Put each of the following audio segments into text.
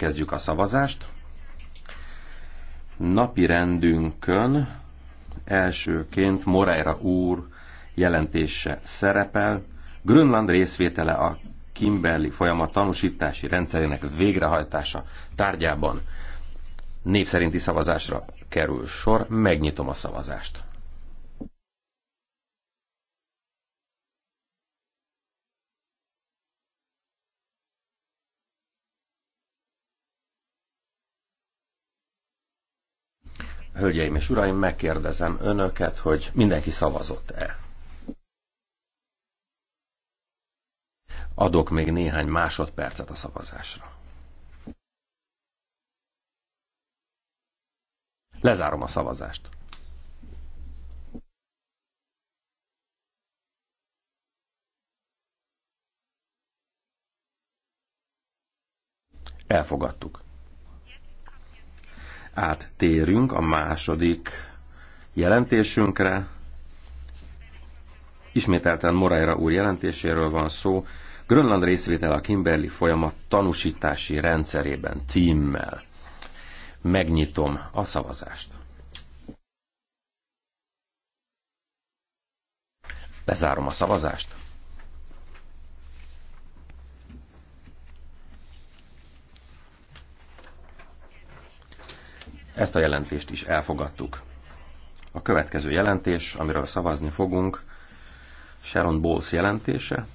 Kezdjük a szavazást. Napi rendünkön elsőként Moreira úr jelentése szerepel. Grönland részvétele a Kimberley folyamat tanúsítási rendszerének végrehajtása tárgyában név szerinti szavazásra kerül sor. Megnyitom a szavazást. Hölgyeim és uraim, megkérdezem önöket, hogy mindenki szavazott-e? Adok még néhány másodpercet a szavazásra. Lezárom a szavazást. Elfogadtuk áttérünk a második jelentésünkre. Ismételten Moraira úr jelentéséről van szó. Grönland részvétel a Kimberley folyamat tanúsítási rendszerében címmel. Megnyitom a szavazást. Lezárom a szavazást. Ezt a jelentést is elfogadtuk. A következő jelentés, amiről szavazni fogunk, Sharon Bowles jelentése,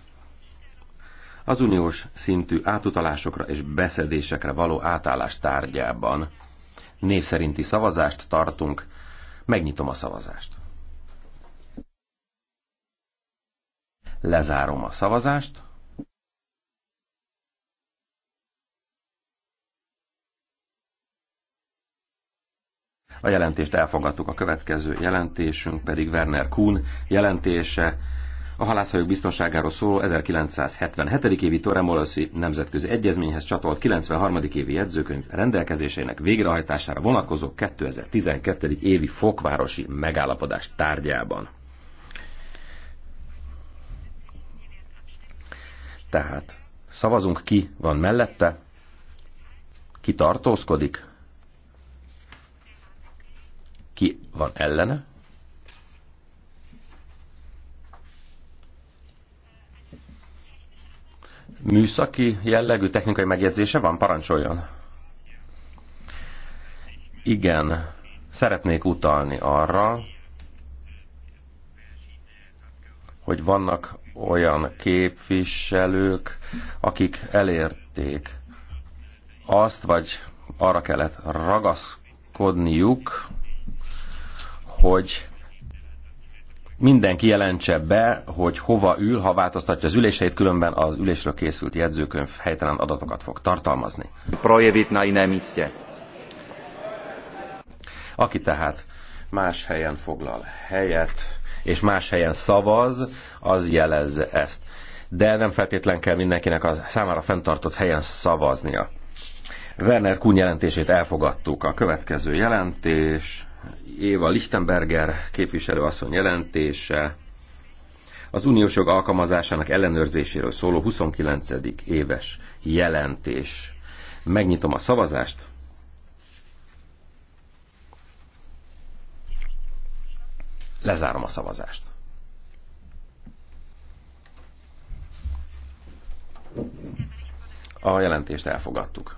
az uniós szintű átutalásokra és beszedésekre való átállás tárgyában. Név szerinti szavazást tartunk, megnyitom a szavazást. Lezárom a szavazást. A jelentést elfogadtuk, a következő jelentésünk pedig Werner Kuhn jelentése, a halászhajók biztonságáról szóló 1977. évi toremolosi nemzetközi egyezményhez csatolt 93. évi jegyzőkönyv rendelkezésének végrehajtására vonatkozó 2012. évi fokvárosi megállapodás tárgyában. Tehát szavazunk ki van mellette, ki tartózkodik, ki van ellene? Műszaki jellegű technikai megjegyzése van? Parancsoljon! Igen, szeretnék utalni arra, hogy vannak olyan képviselők, akik elérték azt, vagy arra kellett ragaszkodniuk, hogy mindenki jelentse be, hogy hova ül, ha változtatja az üléseit, különben az ülésről készült jegyzőkönyv helytelen adatokat fog tartalmazni. Aki tehát más helyen foglal helyet, és más helyen szavaz, az jelezze ezt. De nem feltétlen kell mindenkinek a számára fenntartott helyen szavaznia. Werner Kuhn jelentését elfogadtuk. A következő jelentés Éva Lichtenberger képviselőasszony jelentése az uniós jog alkalmazásának ellenőrzéséről szóló 29. éves jelentés. Megnyitom a szavazást. Lezárom a szavazást. A jelentést elfogadtuk.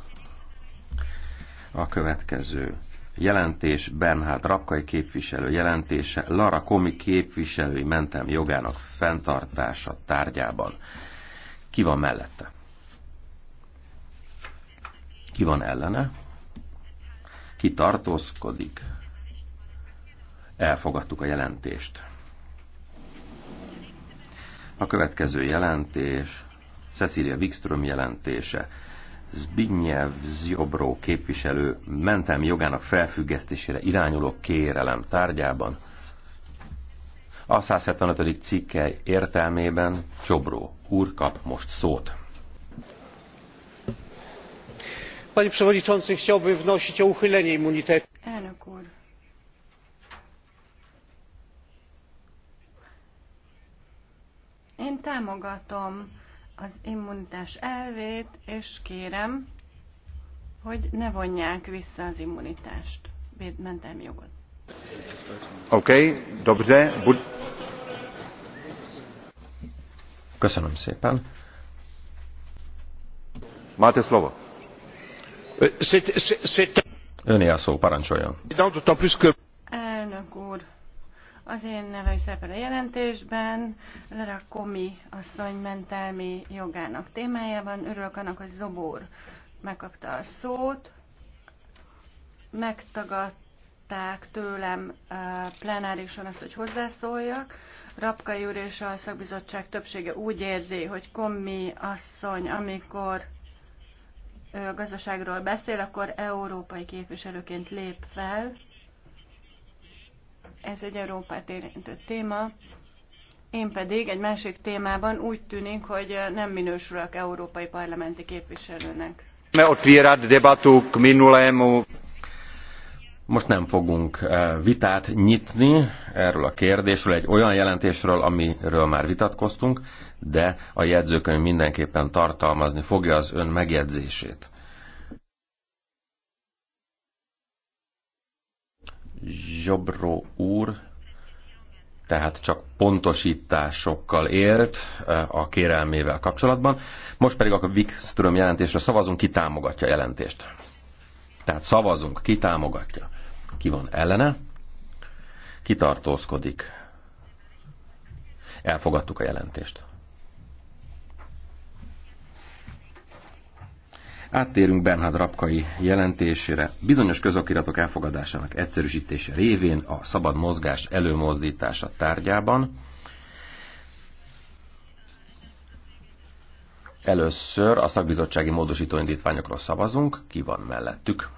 A következő jelentés, Bernhard Rapkai képviselő jelentése, Lara Komi képviselői mentem jogának fenntartása tárgyában. Ki van mellette? Ki van ellene? Ki tartózkodik? Elfogadtuk a jelentést. A következő jelentés, Cecília Wikström jelentése. Zbigniew Ziobró képviselő mentem jogának felfüggesztésére irányuló kérelem tárgyában a 175. cikke értelmében Csobró úr kap most szót. Panie Przewodniczący, chciałbym wnosić o uchylenie immunitetu. Elnök úr. Én támogatom az immunitás elvét, és kérem, hogy ne vonják vissza az immunitást, mentelmi jogot. Oké, okay, dobrze. Bud- Köszönöm szépen. Máte slovo. Öné a szó, parancsoljon. Az én nevem szerepel a jelentésben, Lara Komi asszony mentelmi jogának témájában. Örülök annak, hogy Zobor megkapta a szót. Megtagadták tőlem plenárison azt, hogy hozzászóljak. Rapkai úr és a szakbizottság többsége úgy érzi, hogy Komi asszony, amikor a gazdaságról beszél, akkor európai képviselőként lép fel, ez egy Európát érintő téma. Én pedig egy másik témában úgy tűnik, hogy nem minősülök európai parlamenti képviselőnek. Most nem fogunk eh, vitát nyitni erről a kérdésről, egy olyan jelentésről, amiről már vitatkoztunk, de a jegyzőkönyv mindenképpen tartalmazni fogja az ön megjegyzését. Zsobró úr tehát csak pontosításokkal élt a kérelmével kapcsolatban. Most pedig a Wikström jelentésre szavazunk, ki támogatja a jelentést. Tehát szavazunk, ki támogatja. Ki van ellene? Ki tartózkodik? Elfogadtuk a jelentést. Áttérünk Bernhard Rapkai jelentésére. Bizonyos közokiratok elfogadásának egyszerűsítése révén a szabad mozgás előmozdítása tárgyában először a szakbizottsági módosítóindítványokról szavazunk. Ki van mellettük?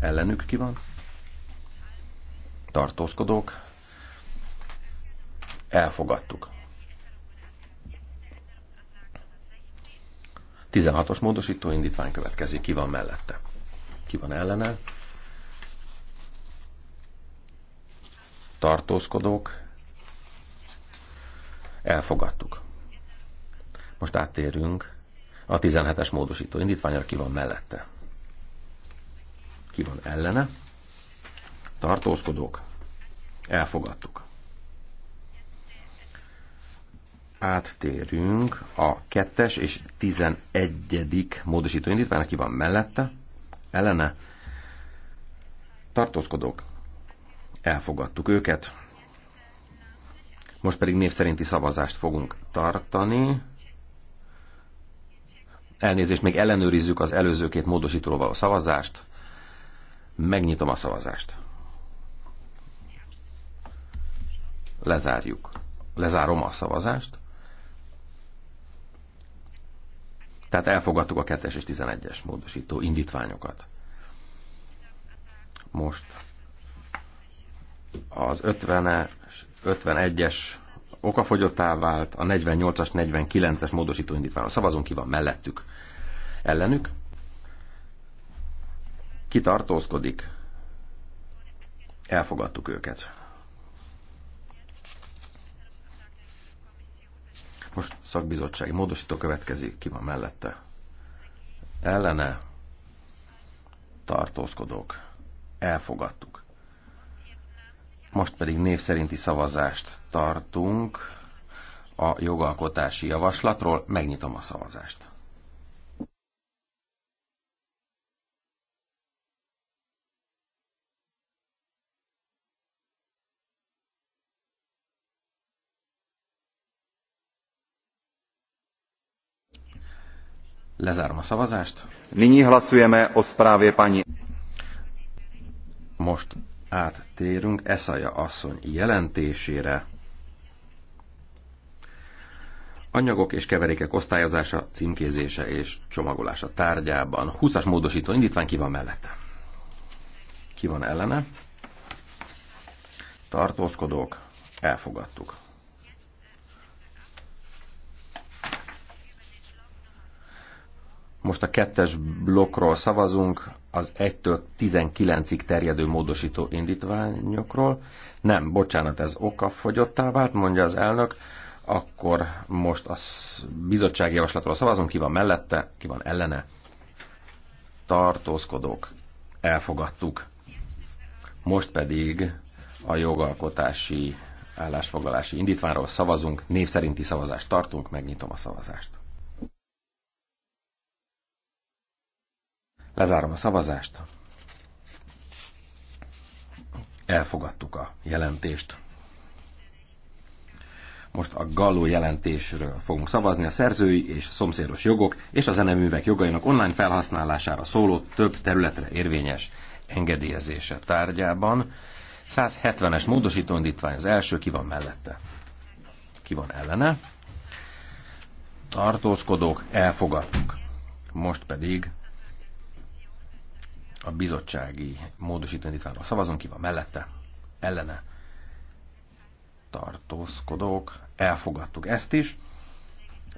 Ellenük ki van? Tartózkodók? Elfogadtuk. 16-os módosító indítvány következik. Ki van mellette? Ki van ellene? Tartózkodók. Elfogadtuk. Most áttérünk a 17-es módosító indítványra. Ki van mellette? Ki van ellene? Tartózkodók. Elfogadtuk. áttérünk a kettes és tizenegyedik módosító indítvány, aki van mellette, ellene tartózkodók. Elfogadtuk őket. Most pedig név szerinti szavazást fogunk tartani. Elnézést, még ellenőrizzük az előző két módosítóval való szavazást. Megnyitom a szavazást. Lezárjuk. Lezárom a szavazást. Tehát elfogadtuk a 2-es és 11-es módosító indítványokat. Most az 50-es, 51-es okafogyottá vált, a 48-as, 49-es módosító indítványról szavazunk, ki van mellettük. Ellenük kitartózkodik. Elfogadtuk őket. Most szakbizottsági módosító következik, ki van mellette. Ellene tartózkodók. Elfogadtuk. Most pedig név szerinti szavazást tartunk a jogalkotási javaslatról. Megnyitom a szavazást. Lezárom a szavazást. Nyní hlasujeme o správě paní. Most áttérünk Eszaja asszony jelentésére. Anyagok és keverékek osztályozása, címkézése és csomagolása tárgyában. 20-as módosító indítvány ki van mellette? Ki van ellene? Tartózkodók, elfogadtuk. Most a kettes blokkról szavazunk, az 1-től 19-ig terjedő módosító indítványokról. Nem, bocsánat, ez oka fogyottá vált, mondja az elnök. Akkor most a bizottsági javaslatról szavazunk, ki van mellette, ki van ellene. Tartózkodók. Elfogadtuk. Most pedig a jogalkotási állásfoglalási indítványról szavazunk, név szerinti szavazást tartunk, megnyitom a szavazást. Lezárom a szavazást. Elfogadtuk a jelentést. Most a Galló jelentésről fogunk szavazni a szerzői és szomszédos jogok és a zeneművek jogainak online felhasználására szóló több területre érvényes engedélyezése tárgyában. 170-es módosítóindítvány az első, ki van mellette? Ki van ellene? Tartózkodók, elfogadtuk. Most pedig a bizottsági módosítványítványra szavazunk, ki van mellette, ellene tartózkodók, elfogadtuk ezt is.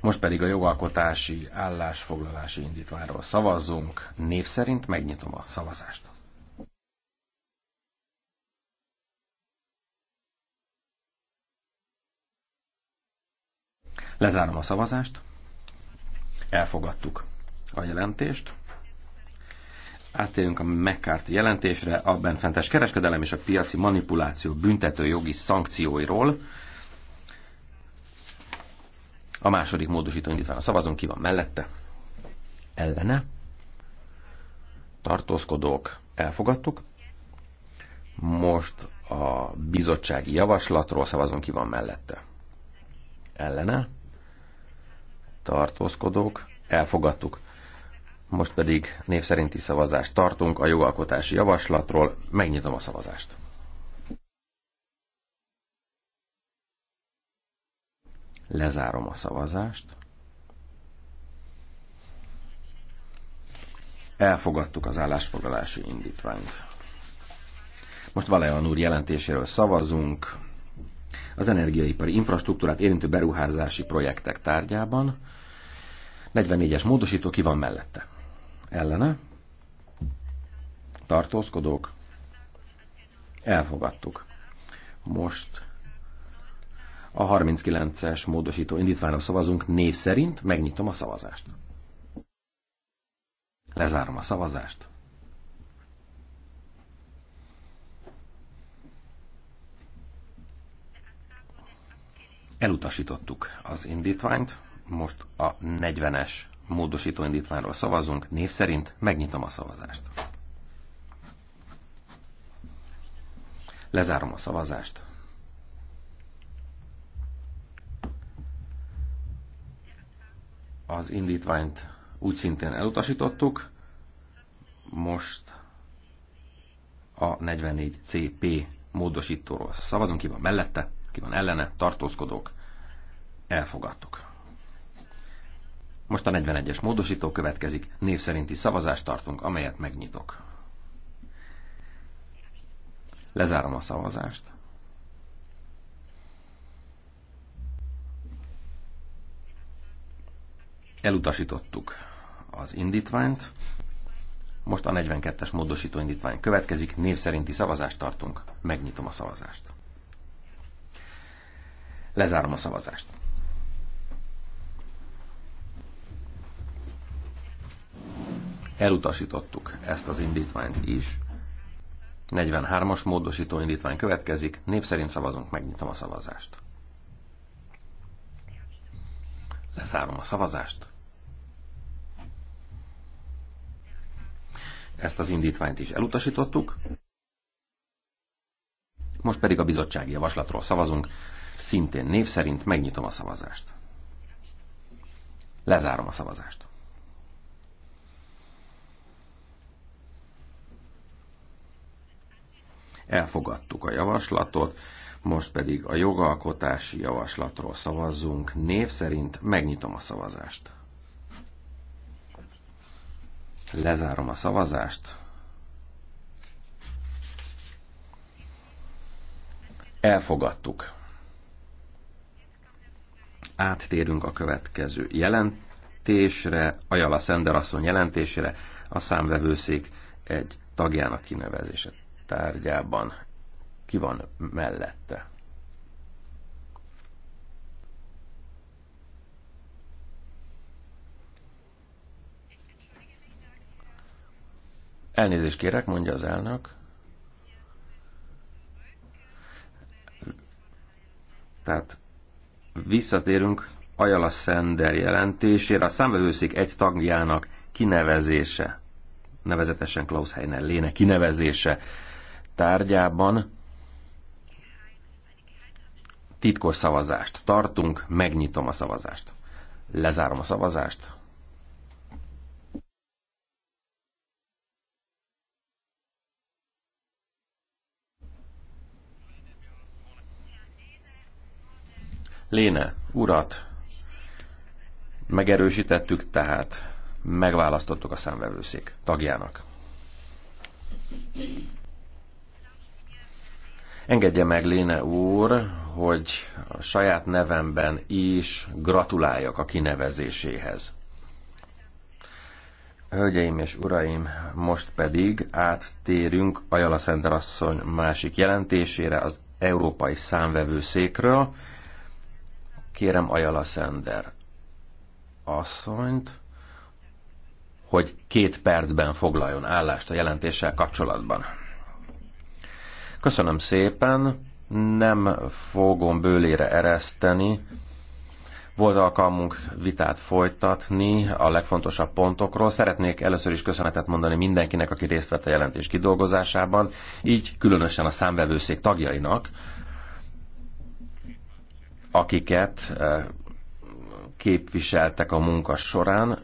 Most pedig a jogalkotási állásfoglalási indítványról szavazzunk. Név szerint megnyitom a szavazást. Lezárom a szavazást. Elfogadtuk a jelentést. Áttérünk a McCarthy jelentésre a benfentes kereskedelem és a piaci manipuláció büntető jogi szankcióiról. A második módosító indítvány a szavazón ki van mellette. Ellene. Tartózkodók. Elfogadtuk. Most a bizottsági javaslatról szavazunk ki van mellette. Ellene. Tartózkodók. Elfogadtuk. Most pedig név szerinti szavazást tartunk a jogalkotási javaslatról. Megnyitom a szavazást. Lezárom a szavazást. Elfogadtuk az állásfoglalási indítványt. Most Valean úr jelentéséről szavazunk. Az energiaipari infrastruktúrát érintő beruházási projektek tárgyában. 44-es módosító ki van mellette? Ellene. Tartózkodók. Elfogadtuk. Most a 39-es módosító indítványra szavazunk név szerint, megnyitom a szavazást. Lezárom a szavazást. Elutasítottuk az indítványt, most a 40-es módosító indítványról szavazunk. Név szerint megnyitom a szavazást. Lezárom a szavazást. Az indítványt úgy szintén elutasítottuk. Most a 44 CP módosítóról szavazunk, ki van mellette, ki van ellene, tartózkodók, elfogadtuk. Most a 41-es módosító következik, név szerinti szavazást tartunk, amelyet megnyitok. Lezárom a szavazást. Elutasítottuk az indítványt. Most a 42-es módosító indítvány következik, név szerinti szavazást tartunk. Megnyitom a szavazást. Lezárom a szavazást. Elutasítottuk ezt az indítványt is. 43-as módosító indítvány következik, név szerint szavazunk, megnyitom a szavazást. Leszárom a szavazást. Ezt az indítványt is elutasítottuk. Most pedig a bizottsági javaslatról szavazunk. Szintén név szerint megnyitom a szavazást. Lezárom a szavazást. Elfogadtuk a javaslatot, most pedig a jogalkotási javaslatról szavazzunk. Név szerint megnyitom a szavazást. Lezárom a szavazást. Elfogadtuk. Áttérünk a következő jelentésre, Ajala Szenderasszony jelentésére, a számvevőszék egy tagjának kinevezését tárgyában. Ki van mellette? Elnézést kérek, mondja az elnök. Tehát visszatérünk Ajala Szender jelentésére. A számvevőszék egy tagjának kinevezése, nevezetesen Klaus Heiner Léne kinevezése tárgyában titkos szavazást tartunk, megnyitom a szavazást. Lezárom a szavazást. Léne, urat, megerősítettük, tehát megválasztottuk a számvevőszék tagjának. Engedje meg, Léne úr, hogy a saját nevemben is gratuláljak a kinevezéséhez. Hölgyeim és uraim, most pedig áttérünk Ajala Szenterasszony másik jelentésére az Európai Számvevőszékről. Kérem Ajala Szender asszonyt, hogy két percben foglaljon állást a jelentéssel kapcsolatban. Köszönöm szépen, nem fogom bőlére ereszteni. Volt alkalmunk vitát folytatni a legfontosabb pontokról. Szeretnék először is köszönetet mondani mindenkinek, aki részt vett a jelentés kidolgozásában, így különösen a számvevőszék tagjainak, akiket eh, képviseltek a munka során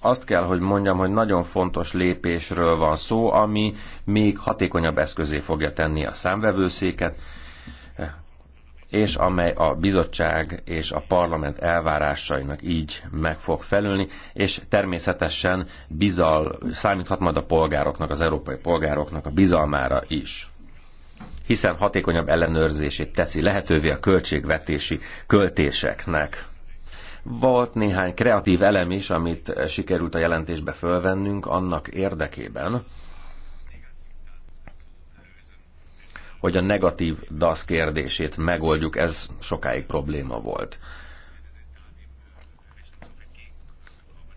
azt kell, hogy mondjam, hogy nagyon fontos lépésről van szó, ami még hatékonyabb eszközé fogja tenni a számvevőszéket, és amely a bizottság és a parlament elvárásainak így meg fog felülni, és természetesen bizal, számíthat majd a polgároknak, az európai polgároknak a bizalmára is hiszen hatékonyabb ellenőrzését teszi lehetővé a költségvetési költéseknek. Volt néhány kreatív elem is, amit sikerült a jelentésbe fölvennünk annak érdekében, hogy a negatív DASZ kérdését megoldjuk, ez sokáig probléma volt.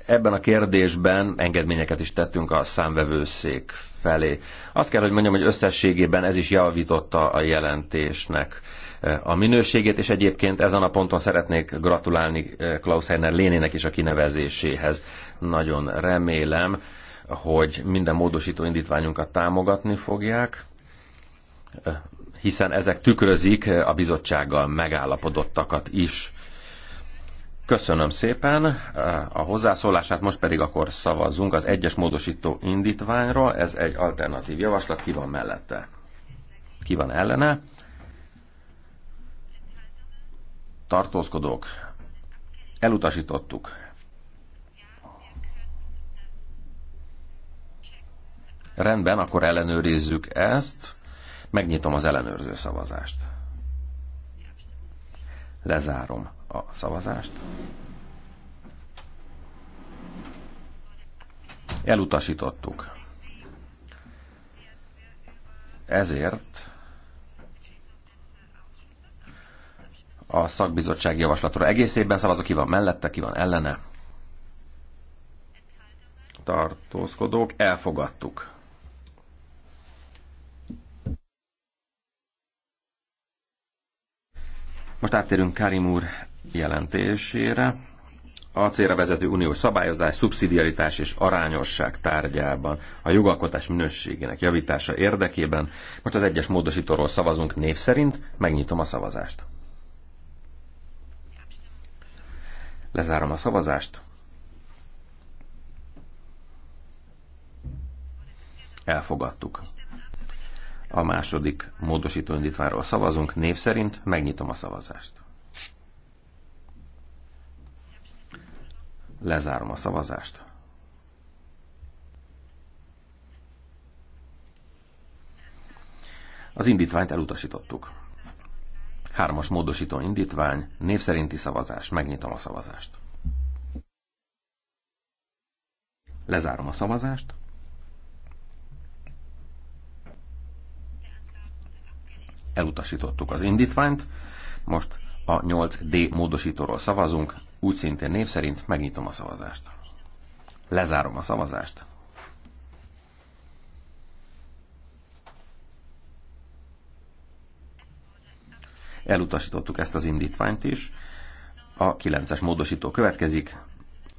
Ebben a kérdésben engedményeket is tettünk a számvevőszék felé. Azt kell, hogy mondjam, hogy összességében ez is javította a jelentésnek a minőségét, és egyébként ezen a ponton szeretnék gratulálni Klaus Heiner Lénének is a kinevezéséhez. Nagyon remélem, hogy minden módosító indítványunkat támogatni fogják, hiszen ezek tükrözik a bizottsággal megállapodottakat is. Köszönöm szépen a hozzászólását, most pedig akkor szavazzunk az egyes módosító indítványról. Ez egy alternatív javaslat, ki van mellette? Ki van ellene? tartózkodók, elutasítottuk. Rendben, akkor ellenőrizzük ezt. Megnyitom az ellenőrző szavazást. Lezárom a szavazást. Elutasítottuk. Ezért a szakbizottság javaslatra egészében szavazok, ki van mellette, ki van ellene. Tartózkodók, elfogadtuk. Most áttérünk Karim úr jelentésére. A célra vezető uniós szabályozás, szubszidiaritás és arányosság tárgyában a jogalkotás minőségének javítása érdekében most az egyes módosítóról szavazunk név szerint, megnyitom a szavazást. Lezárom a szavazást. Elfogadtuk. A második módosító indítványról szavazunk. Név szerint megnyitom a szavazást. Lezárom a szavazást. Az indítványt elutasítottuk. Hármas módosító indítvány, név szerinti szavazás. Megnyitom a szavazást. Lezárom a szavazást. Elutasítottuk az indítványt. Most a 8D módosítóról szavazunk, úgy szintén név szerint megnyitom a szavazást. Lezárom a szavazást. Elutasítottuk ezt az indítványt is. A 9-es módosító következik.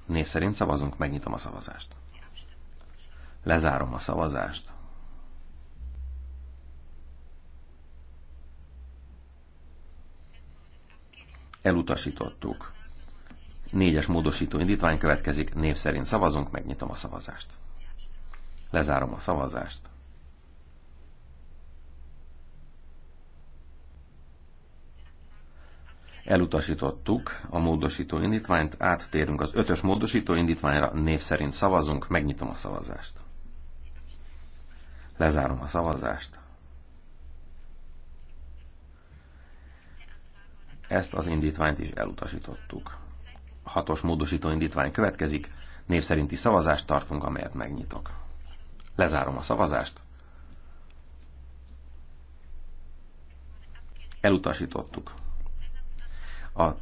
Név szerint szavazunk, megnyitom a szavazást. Lezárom a szavazást. Elutasítottuk. Négyes módosító indítvány következik, név szerint szavazunk, megnyitom a szavazást. Lezárom a szavazást. Elutasítottuk a módosító indítványt, áttérünk az ötös módosító indítványra, név szerint szavazunk, megnyitom a szavazást. Lezárom a szavazást. Ezt az indítványt is elutasítottuk. Hatos módosító indítvány következik, név szerinti szavazást tartunk, amelyet megnyitok. Lezárom a szavazást. Elutasítottuk. A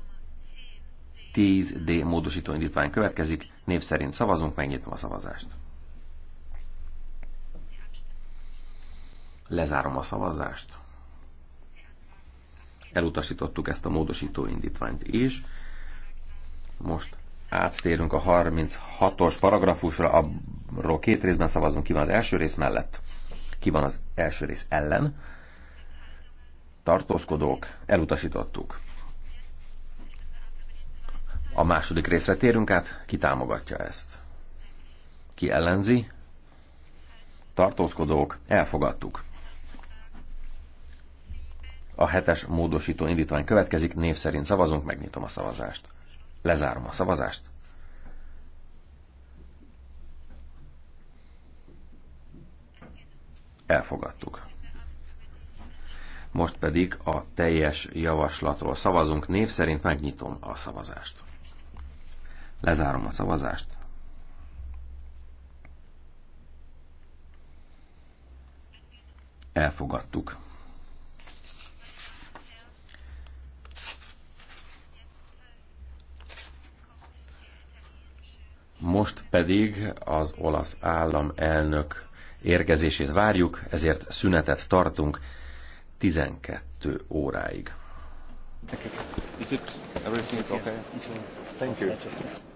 10D módosító indítvány következik, név szerint szavazunk, megnyitom a szavazást. Lezárom a szavazást. Elutasítottuk ezt a módosító indítványt is. Most áttérünk a 36-os paragrafusra, arról két részben szavazunk, ki van az első rész mellett, ki van az első rész ellen. Tartózkodók, elutasítottuk. A második részre térünk át, ki támogatja ezt? Ki ellenzi? Tartózkodók, elfogadtuk. A hetes módosító indítvány következik, név szerint szavazunk, megnyitom a szavazást. Lezárom a szavazást. Elfogadtuk. Most pedig a teljes javaslatról szavazunk. Név szerint megnyitom a szavazást. Lezárom a szavazást. Elfogadtuk. Most pedig az olasz államelnök érkezését várjuk, ezért szünetet tartunk. 12 óráig. Thank you. Is it everything okay? Thank you.